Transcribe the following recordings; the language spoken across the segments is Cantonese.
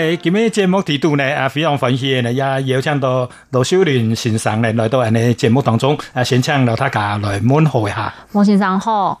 誒，今日節目調度呢，啊，非常歡喜呢，也邀請到羅秀玲先生嚟來到我哋節目當中，啊，先請大家來問候一下。羅先生好。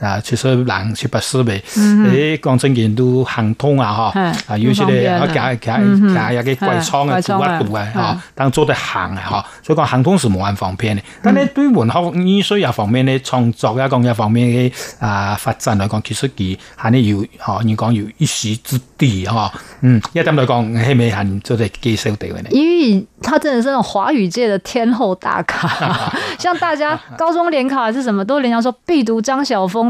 啊，其實人説不思眉，誒，講、嗯、哼真嘅都行通啊！嚇、嗯哼，啊有些咧，啊，行加行，一個怪窗啊，做骨度啊，嚇，但做得行啊，嚇，所以講行通是無限方便的。但係對文學，藝術啊方面的創作啊，講一方面嘅啊發展來講，其實佢係咧有嚇，你講有一席之地嚇，嗯，一點來講，係咪係做得基礎地位咧？因為他真的是那種華語界的天后大咖， 像大家高中聯考還是什麼都聯講，說必讀張曉風。